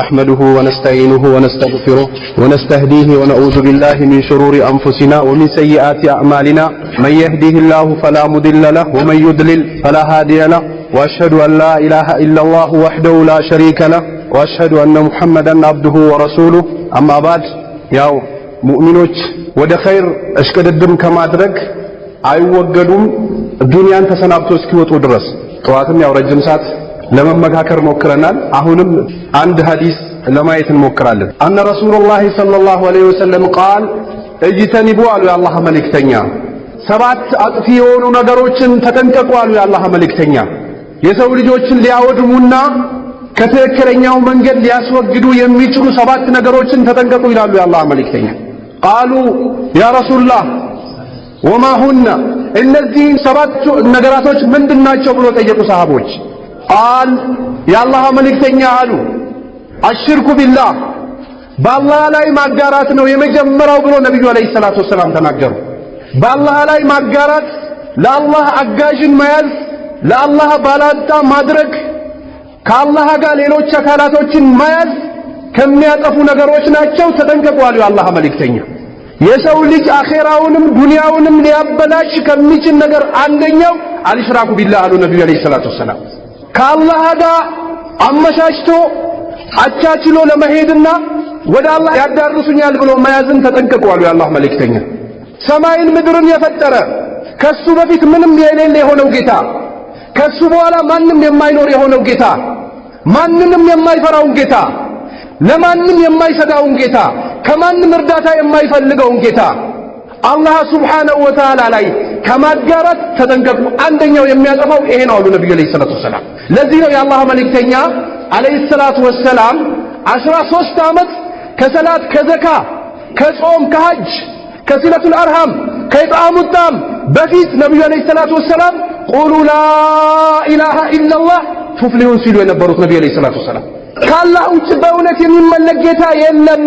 نحمده ونستعينه ونستغفره ونستهديه ونعوذ بالله من شرور أنفسنا ومن سيئات أعمالنا من يهديه الله فلا مضل له ومن يضلل فلا هادي له وأشهد أن لا إله إلا الله وحده لا شريك له وأشهد أن محمدا عبده ورسوله أما بعد يا مؤمنوش الدم كما እሽቅድድም اي አይወገዱም الدنيا انت እስኪወጡ وتدرس قواتم يا رجل سات ለመመካከር ሞክረናል። አሁንም አንድ ሐዲስ ለማየት እንሞክራለን። አነ ረሱሉላሂ ሰለላሁ ዐለይሂ ወሰለም ቃል እጅተኒቡ አሉ የአላህ መልእክተኛ፣ ሰባት አጥፊ የሆኑ ነገሮችን ተጠንቀቁ አሉ የአላህ መልእክተኛ። የሰው ልጆችን ሊያወድሙና ከትክክለኛው መንገድ ሊያስወግዱ የሚችሉ ሰባት ነገሮችን ተጠንቀቁ ይላሉ የአላህ መልእክተኛ። ቃሉ ያ ረሱሉላህ ወማ እነዚህ ሰባት ነገራቶች ምንድናቸው ብሎ ጠየቁ ሰሃቦች አል የአላህ መልእክተኛ አሉ አሽርኩ ቢላህ በአላህ ላይ ማጋራት ነው የመጀመሪያው ብሎ ነቢዩ ዓለይሂ ሰላቱ ወሰላም ተናገሩ። በአላህ ላይ ማጋራት ለአላህ አጋዥን መያዝ፣ ለአላህ ባላንጣ ማድረግ፣ ከአላህ ጋር ሌሎች አካላቶችን መያዝ ከሚያጠፉ ነገሮች ናቸው። ተጠንቀቁ አሉ የአላህ መልእክተኛ። የሰው ልጅ አኼራውንም ዱንያውንም ሊያበላሽ ከሚችል ነገር አንደኛው አልሽራኩ ቢላህ አሉ ነቢዩ ዓለይሂ ሰላቱ ወሰላም። ከአላህ ጋር አመቻችቶ አቻችሎ ለመሄድና ወደ አላህ ያዳርሱኛል ብሎ መያዝን ተጠንቀቁ አሉ የአላህ መልእክተኛ። ሰማይን ምድርን የፈጠረ ከሱ በፊት ምንም የሌለ የሆነው ጌታ፣ ከሱ በኋላ ማንም የማይኖር የሆነው ጌታ፣ ማንንም የማይፈራውን ጌታ፣ ለማንም የማይሰጋውን ጌታ፣ ከማንም እርዳታ የማይፈልገውን ጌታ አላህ ሱብሓነሁ ወተዓላ ላይ ከማጋራት ተጠንቀቁ። አንደኛው የሚያጠፋው ይሄ ነው አሉ ነብዩ አለይሂ ሰላቱ ወሰላም። ለዚህ ነው የአላህ መልእክተኛ አለይሂ ሰላቱ ወሰላም አስራ ሦስት ዓመት ከሰላት ከዘካ ከጾም ከሐጅ ከሲለቱል አርሃም ከኢጣሙ ጣም በፊት ነብዩ አለይሂ ሰላቱ ወሰላም ቁሉ ላ ኢላሃ ኢላላህ ቱፍሊሁን ሲሉ የነበሩት ነብዩ አለይሂ ሰላቱ ወሰላም ካላህ ውጭ በእውነት የሚመለክ ጌታ የለም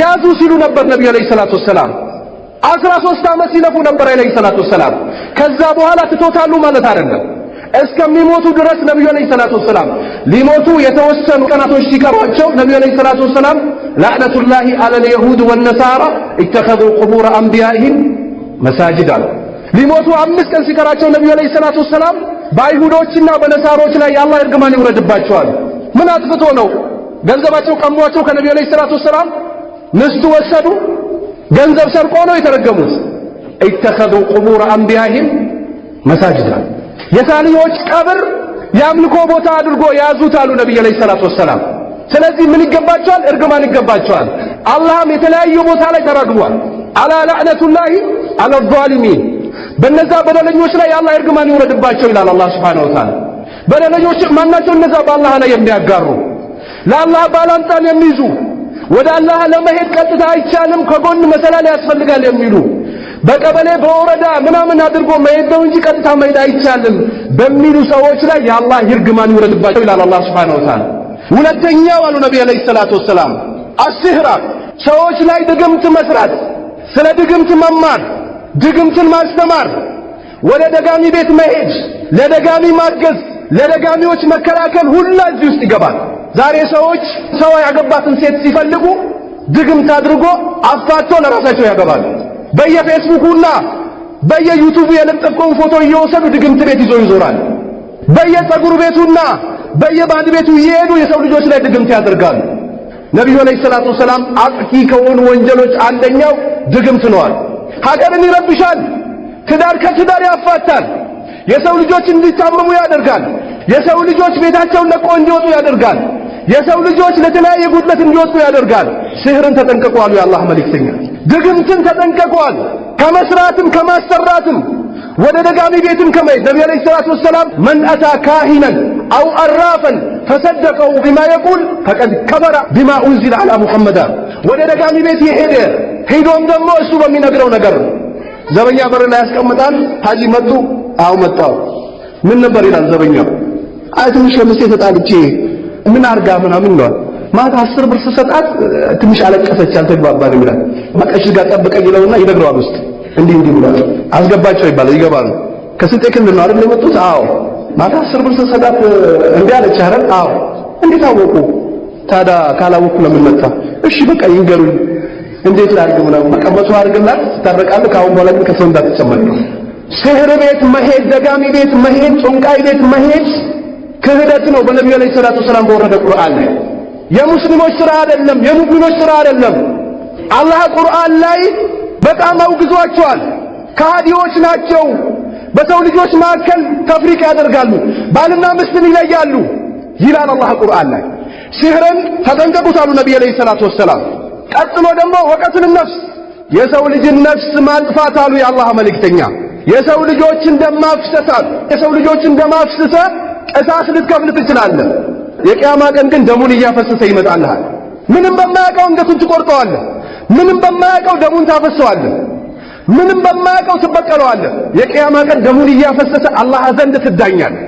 ያዙ ሲሉ ነበር ነብዩ አለይሂ ሰላቱ ወሰላም አስራ ሶስት ዓመት ሲለፉ ነበር አለይሂ ሰላቱ ወሰላም። ከዛ በኋላ ትቶታሉ ማለት አይደለም። እስከሚሞቱ ድረስ ነብዩ አለይሂ ሰላቱ ወሰላም ሊሞቱ የተወሰኑ ቀናቶች ሲቀሯቸው ነብዩ አለይሂ ሰላቱ ወሰላም ላዕነቱላሂ አለል የሁድ ወነሳራ ኢተኸዙ ቁቡረ አንቢያኢሂም መሳጅድ አሉ። ሊሞቱ አምስት ቀን ሲቀራቸው ነብዩ አለይሂ ሰላቱ ወሰላም በአይሁዶችና በነሳሮች ላይ የአላህ እርግማን ይውረድባቸዋል። ምን አጥፍቶ ነው? ገንዘባቸው ቀሟቸው ከነብዩ አለይሂ ሰላቱ ወሰላም ንስቱ ወሰዱ ገንዘብ ሰርቆ ነው የተረገሙት። ኢተኸዙ ቁቡር አንቢያሂም መሳጅዳ የሳልዮች ቀብር የአምልኮ ቦታ አድርጎ የያዙት አሉ ነቢዩ ዓለይሂ ሰላቱ ወሰላም። ስለዚህ ምን ይገባቸዋል? እርግማን ይገባቸዋል። አላህም የተለያዩ ቦታ ላይ ተራግቧል። አላ ለዕነቱላሂ አላ ዛሊሚን በነዛ በደለኞች ላይ የአላህ እርግማን ይውረድባቸው ይላል አላህ ሱብሓነሁ ወተዓላ። በደለኞች ማናቸው? እነዛ በአላህ ላይ የሚያጋሩ ለአላህ ባላንጣን የሚይዙ ወደ አላህ ለመሄድ ቀጥታ አይቻልም፣ ከጎን መሰላል ያስፈልጋል የሚሉ በቀበሌ በወረዳ ምናምን አድርጎ መሄድ ነው እንጂ ቀጥታ መሄድ አይቻልም በሚሉ ሰዎች ላይ የአላህ ይርግማን ይውረድባቸው ይላል አላህ ሱብሓነሁ ወተዓላ። ሁለተኛው አሉ ነቢ ዓለይሂ ሰላቱ ወሰላም አስህራ ሰዎች ላይ ድግምት መስራት፣ ስለ ድግምት መማር፣ ድግምትን ማስተማር፣ ወደ ደጋሚ ቤት መሄድ፣ ለደጋሚ ማገዝ፣ ለደጋሚዎች መከላከል ሁላ እዚህ ውስጥ ይገባል። ዛሬ ሰዎች ሰው ያገባትን ሴት ሲፈልጉ ድግምት አድርጎ አፋቶ ለራሳቸው ያገባሉ። በየፌስቡኩና በየዩቱቡ የለጠፈውን ፎቶ እየወሰዱ ድግምት ቤት ይዞ ይዞራል። በየፀጉር ቤቱና በየባንድ ቤቱ እየሄዱ የሰው ልጆች ላይ ድግምት ያደርጋሉ። ነቢዩ ዓለይሂ ሰላቱ ወሰላም አጥቂ ከሆኑ ወንጀሎች አንደኛው ድግምት ነዋል። ሀገርን ይረብሻል። ትዳር ከትዳር ያፋታል። የሰው ልጆች እንዲታመሙ ያደርጋል። የሰው ልጆች ቤታቸውን ለቆ እንዲወጡ ያደርጋል። የሰው ልጆች ለተለያየ ጉድለት እንዲወጡ ያደርጋል። ስህርን ተጠንቀቋሉ የአላህ መልእክተኛ፣ ድግምትን ተጠንቀቋል። ከመስራትም ከማሰራትም ወደ ደጋሚ ቤትም ከመሄድ ነቢ ዓለይሂ ሰላቱ ወሰላም መን አታ ካሂነን አው አራፈን ፈሰደቀው ቢማ የቁል ፈቀድ ከበረ ቢማ ኡንዚለ አላ ሙሐመድ። ወደ ደጋሚ ቤት የሄደ ሄዶም ደግሞ እሱ በሚነግረው ነገር ዘበኛ በር ላይ ያስቀምጣል። ሀጂ መጡ? አው መጣው ምን ነበር ይላል ዘበኛው። አይ ትንሽ ከምስቴ ተጣልቼ ምን አርጋ ምናምን ይለዋል። ማታ አስር ብር ስሰጣት ትንሽ አለቀሰች፣ አልተግባባን ይላል። በቃ ጋር ጠብቀኝ ይለውና ይነግረዋል። ውስጥ እንዲህ እንዲህ ብሏል አስገባቸው ይባላል። ይገባሉ። ከስልጤ ክልል ነው አይደል የመጡት? አዎ። ማታ አስር ብር ስሰጣት እንዲህ አለች አይደል? አዎ። እንዴት አወቁ ታዲያ? ካላወቁ ለምን መጣ? እሺ በቃ ይንገሩኝ፣ እንዴት ላድርግ ምናምን። በቃ መቶ አድርግላት ትታረቃለህ። ከአሁን በኋላ ግን ከሰው እንዳትጨማቂ። ስህር ቤት መሄድ፣ ደጋሚ ቤት መሄድ፣ ጮንቃይ ቤት መሄድ ክህደት ነው። በነቢዩ ዓለይሂ ሰላቱ ወሰላም በወረደ ቁርአን ላይ የሙስሊሞች ሥራ አይደለም፣ የሙእሚኖች ሥራ አይደለም። አላህ ቁርአን ላይ በጣም አውግዟቸዋል። ከሃዲዎች ናቸው፣ በሰው ልጆች መካከል ተፍሪቅ ያደርጋሉ፣ ባልና ምስትን ይለያሉ ይላል አላህ ቁርአን ላይ። ሲህርን ተጠንቀቁት አሉ ነቢዩ ዓለይሂ ሰላቱ ወሰላም። ቀጥሎ ደግሞ ወቀትን ነፍስ የሰው ልጅን ነፍስ ማጥፋት አሉ የአላህ መልእክተኛ የሰው ልጆችን ደም አፍሰሳል የሰው ልጆች ደም ቅጣት ልትከፍል ትችላለህ። የቅያማ ቀን ግን ደሙን እያፈሰሰ ይመጣልሃል። ምንም በማያውቀው አንገቱን ትቆርጠዋለህ። ምንም በማያውቀው ደሙን ታፈሰዋለህ። ምንም በማያውቀው ትበቀለዋለህ። የቅያማ ቀን ደሙን እያፈሰሰ አላህ ዘንድ ትዳኛለህ።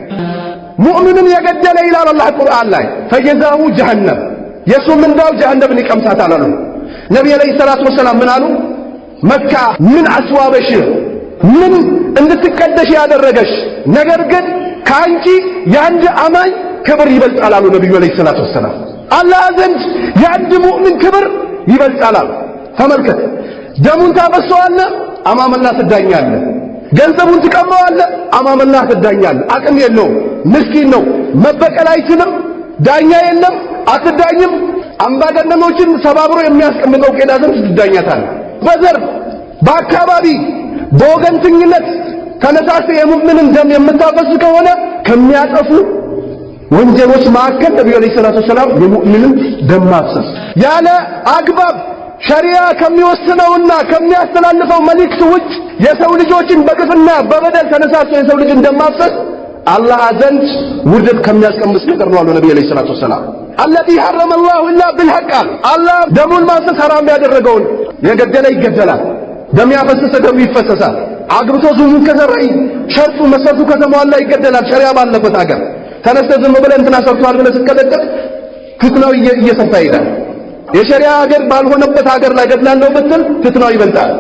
ሙእምንን የገደለ ይላል አላህ ቁርአን ላይ ፈጀዛው ጀሀነም የእሱ ምንዳው ጀሀነምን ይቀምሳታል አሉ። ነቢይ ዓለይሂ ሰላቱ ወሰላም ምን አሉ? መካ ምን አስዋበሽ ምን እንድትቀደሽ ያደረገሽ ነገር ግን ከአንቺ የአንድ አማኝ ክብር ይበልጣል አሉ ነቢዩ ዓለይሂ ሰላቱ ወሰላም። አላህ ዘንድ የአንድ ሙእምን ክብር ይበልጣል አሉ። ተመልከት፣ ደሙን ታፈሰዋለህ፣ አማመላህ ትዳኛለህ። ገንዘቡን ትቀማዋለህ፣ አማመላህ ትዳኛለህ። አቅም የለውም፣ ምስኪን ነው፣ መበቀል አይችልም፣ ዳኛ የለም፣ አትዳኝም። አምባገነኖችን ሰባብሮ የሚያስቀምጠው ቄዳ ዘንድ ትዳኛታለህ። በዘር በአካባቢ በወገንተኝነት ተነሳስተህ የሙእምንን ደም የምታፈስ ከሆነ ከሚያጠፉ ወንጀሎች መካከል ነብዩ አለይሂ ሰላቱ ሰላም የሙእምንን ደም ማፍሰስ ያለ አግባብ ሸሪያ ከሚወስነውና ከሚያስተላልፈው መልእክት ውጭ የሰው ልጆችን በግፍና በበደል ተነሳስተው የሰው ልጅ ደም ማፍሰስ አላህ ዘንድ ውርደት ከሚያስቀምስ ነገር ነው አሉ ነብዩ አለይሂ ሰላቱ ሰላም። አለዚ ሐረመ አላሁ ኢላ ቢልሐቅ አለ አላህ ደሙን ማፍሰስ ሐራም ያደረገውን የገደለ ይገደላል፣ ደም ያፈሰሰ ደሙ ይፈሰሳል። አግብቶ ዙዙን ከሰራይ ሸርጡ መሰርቱ ከተሟላ ይገደላል። ሸሪያ ባለበት አገር ተነስተ ዝም ብለ እንትና ሰርቷል ብለህ ስትቀጠቀጥ ፍትናው እየሰፋ ይላል። የሸሪያ አገር ባልሆነበት አገር ላይ ገድላለሁ ብትል ፍትናው ይበልጣል።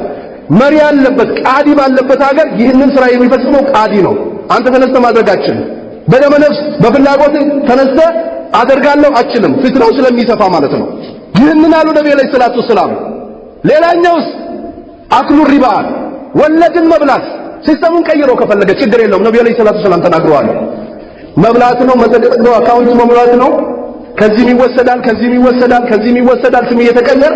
መሪ ያለበት ቃዲ ባለበት ሀገር ይህንን ስራ የሚፈጽመው ቃዲ ነው። አንተ ተነስተ ማድረግ አችልም። በደመ ነፍስ በፍላጎት ተነስተ አደርጋለሁ አችልም፣ ፍትናው ስለሚሰፋ ማለት ነው። ይህንን አሉ ነቢ ዓለይሂ ሰላቱ ወሰላም። ሌላኛውስ አክሉ ሪባ ወለድን መብላት ሲስተሙን ቀይሮ ከፈለገ ችግር የለውም። ነብዩ አለይሂ ሰላቱ ሰላም ተናግረዋል። መብላት ነው መሰደቅ ነው አካውንት መሙላት ነው። ከዚህም ይወሰዳል፣ ከዚህም ይወሰዳል፣ ከዚህም ይወሰዳል። ስም እየተቀየረ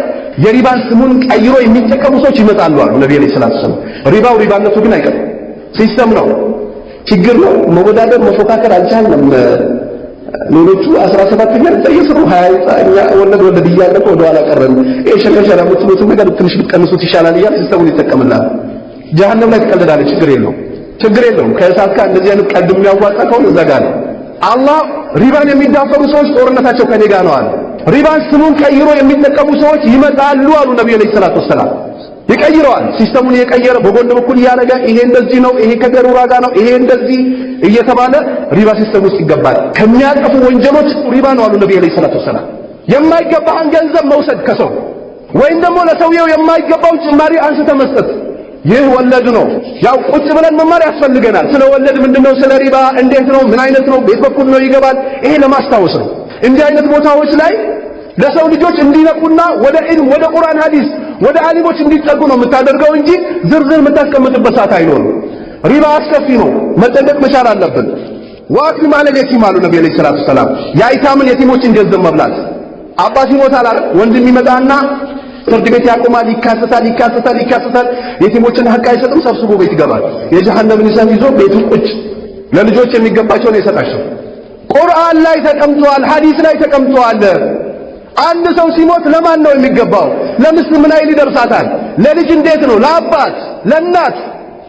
የሪባን ስሙን ቀይሮ የሚጠቀሙ ሰዎች ይመጣሉ አሉ ነብዩ አለይሂ ሰላቱ ሰላም። ሪባው ሪባነቱ ግን አይቀርም። ሲስተም ነው፣ ችግር ነው። መወዳደር መፎካከር አልቻለም። ሌሎቹ 17 ይላል ጠየሰሩ 20 ወለድ ወለድ እያለቀ ወደኋላ ቀረን። ይሄ ሸከሸ ለምትሉት ነገር ትንሽ ብትቀንሱት ይሻላል እያለ ሲስተሙን ይጠቀምላል። ጀሃነም ላይ ትቀልዳለህ። ችግር የለውም ችግር የለውም። ከእሳት ጋር እንደዚህ አይነት ቀልድ የሚያዋጣ ከሆነ እዛ ጋር ነው። አላህ ሪባን የሚዳፈሩ ሰዎች ጦርነታቸው ከኔ ጋር ነው አለ። ሪባን ስሙን ቀይሮ የሚጠቀሙ ሰዎች ይመጣሉ አሉ ነብዩ አለይሂ ሰላቱ ወሰላም። ይቀይረዋል ሲስተሙን እየቀየረ በጎን በኩል እያደረገ ይሄ እንደዚህ ነው፣ ይሄ ከገሩራ ጋር ነው፣ ይሄ እንደዚህ እየተባለ ሪባ ሲስተም ውስጥ ይገባል። ከሚያጠፉ ወንጀሎች ሪባ ነው አሉ ነብዩ አለይሂ ሰላቱ ወሰላም። የማይገባህን ገንዘብ መውሰድ ከሰው ወይም ደግሞ ለሰውየው የማይገባው ጭማሪ አንስተ መስጠት ይህ ወለድ ነው። ያው ቁጭ ብለን መማር ያስፈልገናል። ስለ ወለድ ምንድነው፣ ስለ ሪባ እንዴት ነው፣ ምን አይነት ነው፣ ቤት በኩል ነው ይገባል። ይሄ ለማስታወስ ነው። እንዲህ አይነት ቦታዎች ላይ ለሰው ልጆች እንዲነቁና ወደ ዒልም ወደ ቁርአን ሐዲስ ወደ ዓሊሞች እንዲጠጉ ነው የምታደርገው እንጂ ዝርዝር የምታስቀምጥበት ሰዓት አይኖርም። ሪባ አስከፊ ነው። መጠንቀቅ መቻል አለብን። ወአክሉ ማለት የቲም አሉ ነቢ ዓለይሂ ሰላቱ ወሰላም የአይታምን የቲሞችን ገንዘብ መብላት አባት ይሞታል፣ ወንድም ይመጣና ፍርድ ቤት ያቆማል፣ ይካሰታል፣ ይካሰታል፣ ይካሰታል። የቲሞችን ሀቅ አይሰጥም፣ ሰብስቦ ቤት ይገባል። የጀሃነምን ሂሳብ ይዞ ቤቱ ቁጭ። ለልጆች የሚገባቸውን ይሰጣቸው። ቁርአን ላይ ተቀምጧል፣ ሐዲስ ላይ ተቀምጧል። አንድ ሰው ሲሞት ለማን ነው የሚገባው? ለምስል ምን ያህል ይደርሳታል? ለልጅ እንዴት ነው? ለአባት ለእናት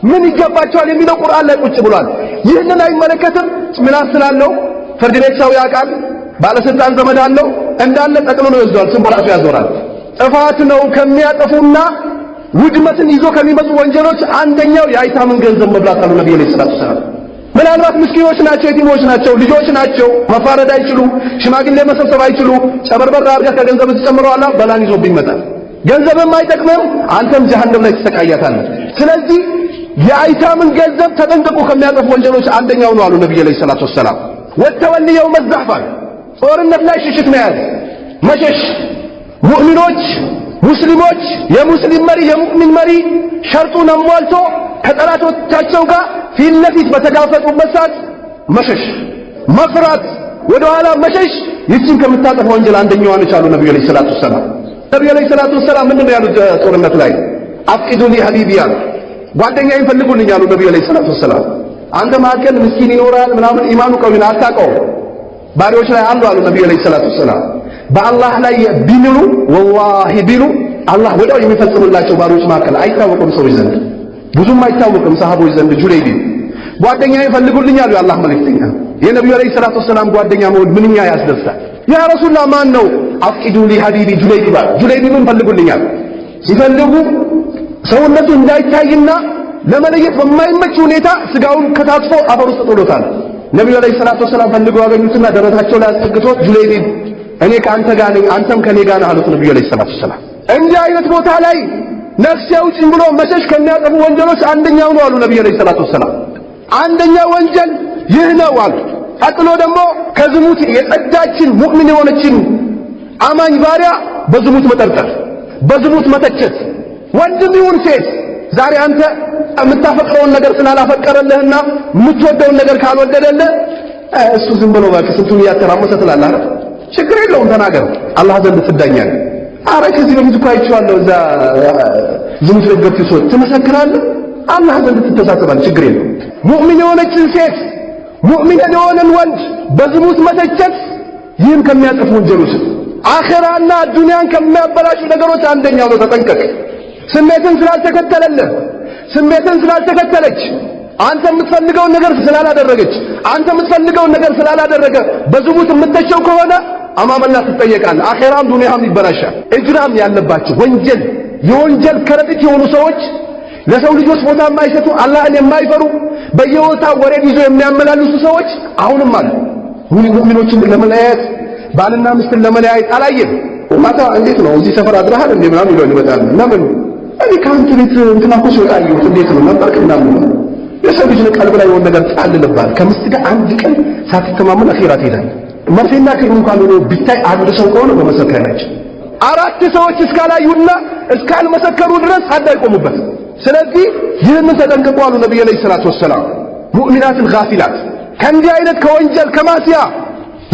ምን ይገባቸዋል የሚለው ቁርአን ላይ ቁጭ ብሏል። ይህንን አይመለከትም። ምናስ ስላለው ፍርድ ቤት ሰው ያውቃል፣ ባለስልጣን ዘመድ አለው፣ እንዳለ ጠቅልሎ ይወስዷል። ስም በራሱ ያዞራል። ጥፋት ነው ከሚያጠፉና ውድመትን ይዞ ከሚመጡ ወንጀሎች አንደኛው የአይታምን ገንዘብ መብላት አሉ ነብዩ ሰለላሁ ዐለይሂ ወሰለም። ምናልባት ምስኪኖች ናቸው፣ የቲሞች ናቸው፣ ልጆች ናቸው፣ መፋረድ አይችሉ፣ ሽማግሌ መሰብሰብ አይችሉ። ጨበርበር አድርጋ ከገንዘብ ስትጨምረዋላ በላን ይዞብኝ ይመጣል። ገንዘብም አይጠቅምም፣ አንተም ጀሃነም ላይ ትሰቃያታለህ። ስለዚህ የአይታምን ገንዘብ ተጠንቀቁ ከሚያጠፉ ወንጀሎች አንደኛው ነው አሉ ነብዩ ሰለላሁ ዐለይሂ ወሰለም። ወተወልየው መዛፋን ጦርነት ላይ ሽሽት መያዝ መሸሽ ሙእሚኖች ሙስሊሞች የሙስሊም መሪ የሙእሚን መሪ ሸርጡን አሟልቶ ከጠላቶቻቸው ጋር ፊት ለፊት በተጋፈጡበት ሰዓት መሸሽ፣ መፍራት፣ ወደ ኋላ መሸሽ ይችን ከምታጠፍ ወንጀል አንደኛዋ ነች አሉ ነቢዩ ዐለይሂ ሰላቱ ወሰላም። ነቢዩ ዐለይሂ ሰላቱ ወሰላም ምንድን ነው ያሉት? ጦርነት ላይ አፍቂዱሊ ሀቢቢ ያሉ ጓደኛዬን ፈልጉልኝ አሉ ነቢዩ ዐለይሂ ሰላቱ ወሰላም። አንተ መካከል ምስኪን ይኖራል ምናምን ኢማኑ ቀዊን አታውቀውም ባሪዎች ላይ አሉ አሉ ነቢዩ ዐለይሂ ሰላቱ ወሰላም በአላህ ላይ ቢምሉ ወላሂ ቢሉ አላህ ወዲያው የሚፈጽምላቸው ባሪዎች መካከል አይታወቅም። ሰዎች ዘንድ ብዙም አይታወቅም። ሰሃቦች ዘንድ ጁለይቢ ጓደኛ ይፈልጉልኛሉ። የአላህ መልእክተኛ የነቢዩ ዓለይሂ ሰላቱ ወሰላም ጓደኛ መሆን ምንኛ ያስደስታል። ያ ረሱላ ማን ነው? አፍቂዱ ሊሀቢቢ ጁለይቢ ባል ጁለይቢብን ፈልጉልኛል። ሲፈልጉ ሰውነቱ እንዳይታይና ለመለየት በማይመች ሁኔታ ስጋውን ከታትፎ አፈር ውስጥ ጥሎታል። ነቢዩ ዓለይሂ ሰላቱ ወሰላም ፈልገው አገኙትና ደረታቸው ላይ አስጠግቶት ጁለይቢብ እኔ ከአንተ ጋር ነኝ፣ አንተም ከኔ ጋር ነህ አሉት ነብዩ አለይሂ ሰላቱ ሰላም። እንዲህ አይነት ቦታ ላይ ነፍሴ አውጪኝ ብሎ መሸሽ ከሚያጠፉ ወንጀሎች አንደኛው ነው አሉ ነብዩ አለይሂ ሰላቱ ሰላም። አንደኛው ወንጀል ይህ ነው አሉ። ቀጥሎ ደግሞ ከዝሙት የጸዳችን ሙእሚን የሆነችን አማኝ ባሪያ በዝሙት መጠርጠር፣ በዝሙት መተቸት፣ ወንድም ይሁን ሴት ዛሬ አንተ የምታፈቅረውን ነገር ስላላፈቀረልህና የምትወደውን ነገር ካልወደደልህ እሱ ዝም ብሎ በቃ ስንቱን እያተራመሰ ትላለህ። ችግር የለውም ተናገር፣ አላህ ዘንድ ትዳኛል። አረ ከዚህ በፊት እኮ አይቼዋለሁ እዛ ዝሙት ላይ ገብቶ ሰው ትመሰክራለህ፣ አላህ ዘንድ ትተሳሰባል፣ ችግር የለውም። ሙእሚን የሆነችን ሴት ሙእሚን የሆነን ወንድ በዝሙት መተቸት ይህም ከሚያጠፉ ወንጀሎች አኺራና ዱንያን ከሚያበላሹ ነገሮች አንደኛው ነው። ተጠንቀቅ። ስሜትን ስላልተከተለልህ ስሜትን ስላልተከተለች አንተ የምትፈልገውን ነገር ስላላደረገች አንተ የምትፈልገውን ነገር ስላላደረገ በዝሙት የምተቸው ከሆነ አማመላ ትጠየቃለህ። አኼራም ዱንያም ይበላሻል። እጅራም ያለባቸው ወንጀል የወንጀል ከረጢት የሆኑ ሰዎች ለሰው ልጆች ቦታ የማይሰጡ አላህን የማይፈሩ በየቦታው ወሬን ይዞ የሚያመላልሱ ሰዎች አሁንም አሉ። ሙእሚኖችን ለመለያየት ባልና ሚስትን ለመለያየት አላየም። ማታ እንዴት ነው እዚህ ሰፈር አድረሃል እንዴ ምናምን ይለው ይመጣል። ለምን እኔ ከአንተ ቤት እንትና እኮ ሲወጣ አየሁት እንዴት ነው ነበርክ ምናምን ነው። የሰው ልጅ ቀልብ ላይ የሆነ ነገር ጣልልባል። ከምስት ጋር አንድ ቀን ሳትተማመን አኼራ ትሄዳለህ። መርፌና ክር እንኳን ሆኖ ቢታይ አንድ ሰው ከሆነ በመሰከር ናቸው። አራት ሰዎች እስካላዩና እስካልመሰከሩ ድረስ አዳይ ቆሙበት ስለዚህ ይህንን ተጠንቅቁ አሉ ነቢዩ ዓለይሂ ሰላቱ ወሰላም። ሙእሚናትን ጋፊላት ከእንዲህ አይነት ከወንጀል ከማስያ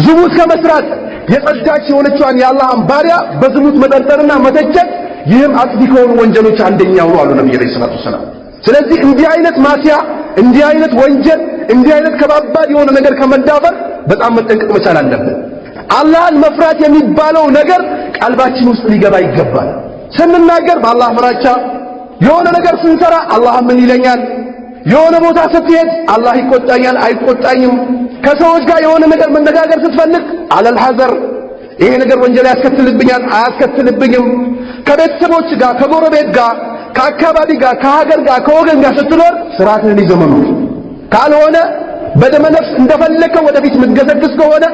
ዝሙት ከመስራት የጸዳች የሆነችዋን የአላህን ባሪያ በዝሙት መጠርጠርና መተቸት፣ ይህም አጥፊ ከሆኑ ወንጀሎች አንደኛው ነው አሉ ነቢዩ ዓለይሂ ሰላቱ ወሰላም። ስለዚህ እንዲህ አይነት ማስያ፣ እንዲህ አይነት ወንጀል፣ እንዲህ አይነት ከባባድ የሆነ ነገር ከመዳፈር በጣም መጠንቀቅ መቻል አለብን። አላህን መፍራት የሚባለው ነገር ቀልባችን ውስጥ ሊገባ ይገባል። ስንናገር በአላህ ፍራቻ፣ የሆነ ነገር ስንሰራ አላህ ምን ይለኛል፣ የሆነ ቦታ ስትሄድ አላህ ይቆጣኛል አይቆጣኝም፣ ከሰዎች ጋር የሆነ ነገር መነጋገር ስትፈልግ አለል ሐዘር ይሄ ነገር ወንጀል ያስከትልብኛል አያስከትልብኝም፣ ከቤተሰቦች ጋር ከጎረቤት ጋር ከአካባቢ ጋር ከሀገር ጋር ከወገን ጋር ስትኖር ስርዓትን ሊዘመኑ ካልሆነ በደመ ነፍስ እንደፈለከ ወደፊት የምትገሰግስ ከሆነ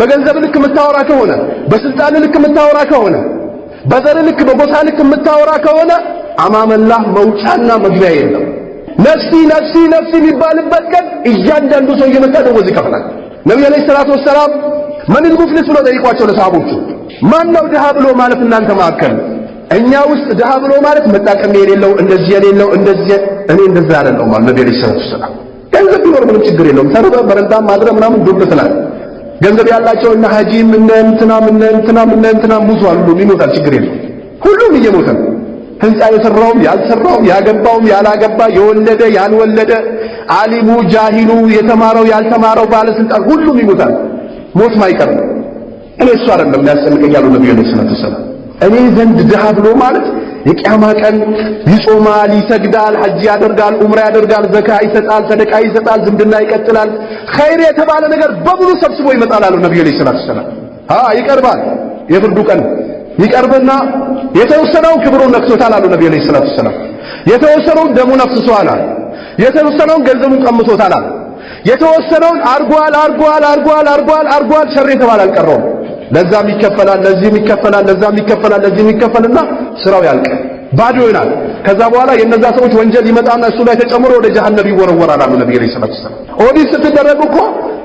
በገንዘብ ልክ የምታወራ ከሆነ በስልጣን ልክ የምታወራ ከሆነ በዘር ልክ በጎሳ ልክ የምታወራ ከሆነ አማመላህ መውጫና መግቢያ የለም። ነፍሲ ነፍሲ ነፍሲ የሚባልበት ቀን እያንዳንዱ ሰው እየመጣ ደወዝ ይከፍላል። ነቢዩ ዓለይሂ ሰላቱ ወሰላም መኒል ሙፍሊስ ብሎ ጠይቋቸው ለሰሃቦቹ ማን ነው ድሃ ብሎ ማለት እናንተ መካከል እኛ ውስጥ ድሃ ብሎ ማለት መጣቀም የሌለው እንደዚህ የሌለው እንደዚህ እኔ እንደዛ አይደለሁም ማለት ነቢዩ ዓለይሂ ሰላቱ ወሰላም ገንዘብ ቢኖር ምንም ችግር የለውም። ሰርበ በረንዳ ማድረ ምናምን ዱብ ስላል ገንዘብ ያላቸው እና ሀጂም እነ እንትናም እነ እንትናም እነ እንትናም ብዙ አሉ። ይሞታል፣ ችግር የለው። ሁሉም እየሞተ ነው። ህንፃ የሰራውም ያልሰራውም ያገባውም ያላገባ የወለደ ያልወለደ አሊሙ ጃሂሉ የተማረው ያልተማረው ባለስልጣን ሁሉም ይሞታል። ሞት ማይቀር እኔ እሱ አይደለም ያስጨንቀኛሉ ነብዩ ሰለላሁ ዐለይሂ ወሰለም እኔ ዘንድ ድሃ ብሎ ማለት የቂያማ ቀን ይጾማል፣ ይሰግዳል፣ ሐጅ ያደርጋል፣ ዑምራ ያደርጋል፣ ዘካ ይሰጣል፣ ሰደቃ ይሰጣል፣ ዝምድና ይቀጥላል። ኸይር የተባለ ነገር በሙሉ ሰብስቦ ይመጣል አሉ ነብዩ ሰለላሁ ዐለይሂ ወሰለም። አዎ ይቀርባል፣ የፍርዱ ቀን ይቀርብና የተወሰነው ክብሩን ነክሶታል አሉ ነብዩ ሰለላሁ ዐለይሂ ወሰለም። የተወሰነውን ደሙን አፍስሷል፣ የተወሰነውን ገንዘቡን ቀምሶታል፣ የተወሰነውን አርጓል፣ አርጓል፣ አርጓል፣ አርጓል፣ አርጓል ሸር የተባለ አልቀረውም። ለዛም ይከፈላል፣ ለዚህም ይከፈላል፣ ለዛም ይከፈላል፣ ለዚህም ይከፈልና ስራው ያልቃል፣ ባዶ ይሆናል። ከዛ በኋላ የነዛ ሰዎች ወንጀል ይመጣና እሱ ላይ ተጨምሮ ወደ ጀሃነም ይወረወራል አሉ ነብዩ ሰለላሁ ዐለይሂ ወሰለም። ኦዲት ስትደረግ እኮ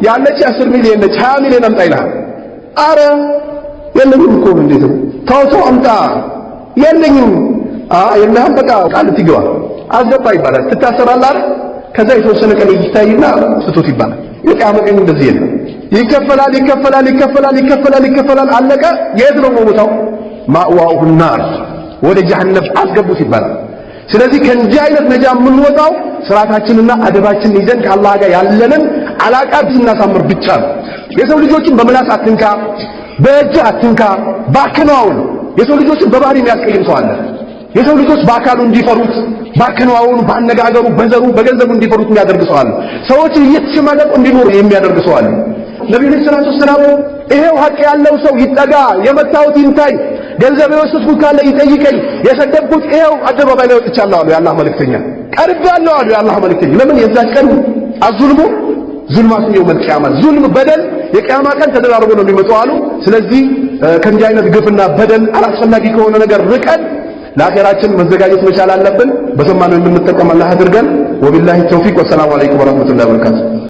ያለች 10 ሚሊዮን ነች፣ 20 ሚሊዮን አምጣ ይልሃል። አረ የለኝም እኮ እንዴት ነው ተው ተው አምጣ፣ የለኝም አ የለህም በቃ ቃል ትግባ አስገባ ይባላል። ትታሰራለህ። ከዛ የተወሰነ ቀን ይታይና ስቶት ይባላል። የቂያማ ቀን እንደዚህ የለም። ይከፈላል፣ ይከፈላል፣ ይከፈላል፣ ይከፈላል፣ ይከፈላል፣ አለቀ። የት ነው ሞታው? ማእዋኡሁ ናር ወደ ጀሃነም አስገቡት ይባላል። ስለዚህ ከእንዲህ አይነት ነጃ የምንወጣው ስርዓታችንና አደባችንን ይዘን ከአላህ ጋር ያለንን አላቃ ስናሳምር ብቻ ነው። የሰው ልጆችን በምላስ አትንካ፣ በእጅ አትንካ፣ ባከናውን። የሰው ልጆችን በባህሪ የሚያስቀይም ሰው አለ። የሰው ልጆች በአካሉ እንዲፈሩት፣ ባከናወኑ፣ ባነጋገሩ፣ በዘሩ፣ በገንዘቡ እንዲፈሩት የሚያደርግ ሰው አለ። ሰዎችን እየተሸማቀቁ እንዲኖሩ የሚያደርግ ሰው አለ። ነቢዩ ሰላቱ ሰላም ይሄው ሀቅ ያለው ሰው ይጠጋ፣ የመታሁት ይምታኝ፣ ገንዘብ የወሰድኩት ካለ ይጠይቀኝ፣ የሰደብኩት ይሄው አደባባይ ላይ ወጥቻለሁ አሉ የአላህ መልእክተኛ። ቀርብ ያለው አሉ የአላህ መልእክተኛ። ለምን የዛች ቀን አዙልሙ ዙልማት ነው መልቂያማ ዙልም በደል የቂያማ ቀን ተደራርቦ ነው የሚመጣው አሉ። ስለዚህ ከእንዲህ አይነት ግፍና በደል አላስፈላጊ ከሆነ ነገር ርቀን ለአኼራችን መዘጋጀት መቻል አለብን። በሰማነው የምንጠቀም አላህ አድርገን። ወቢላሂ ተውፊቅ። ወሰላሙ አለይኩም ወራህመቱላሂ ወበረካቱ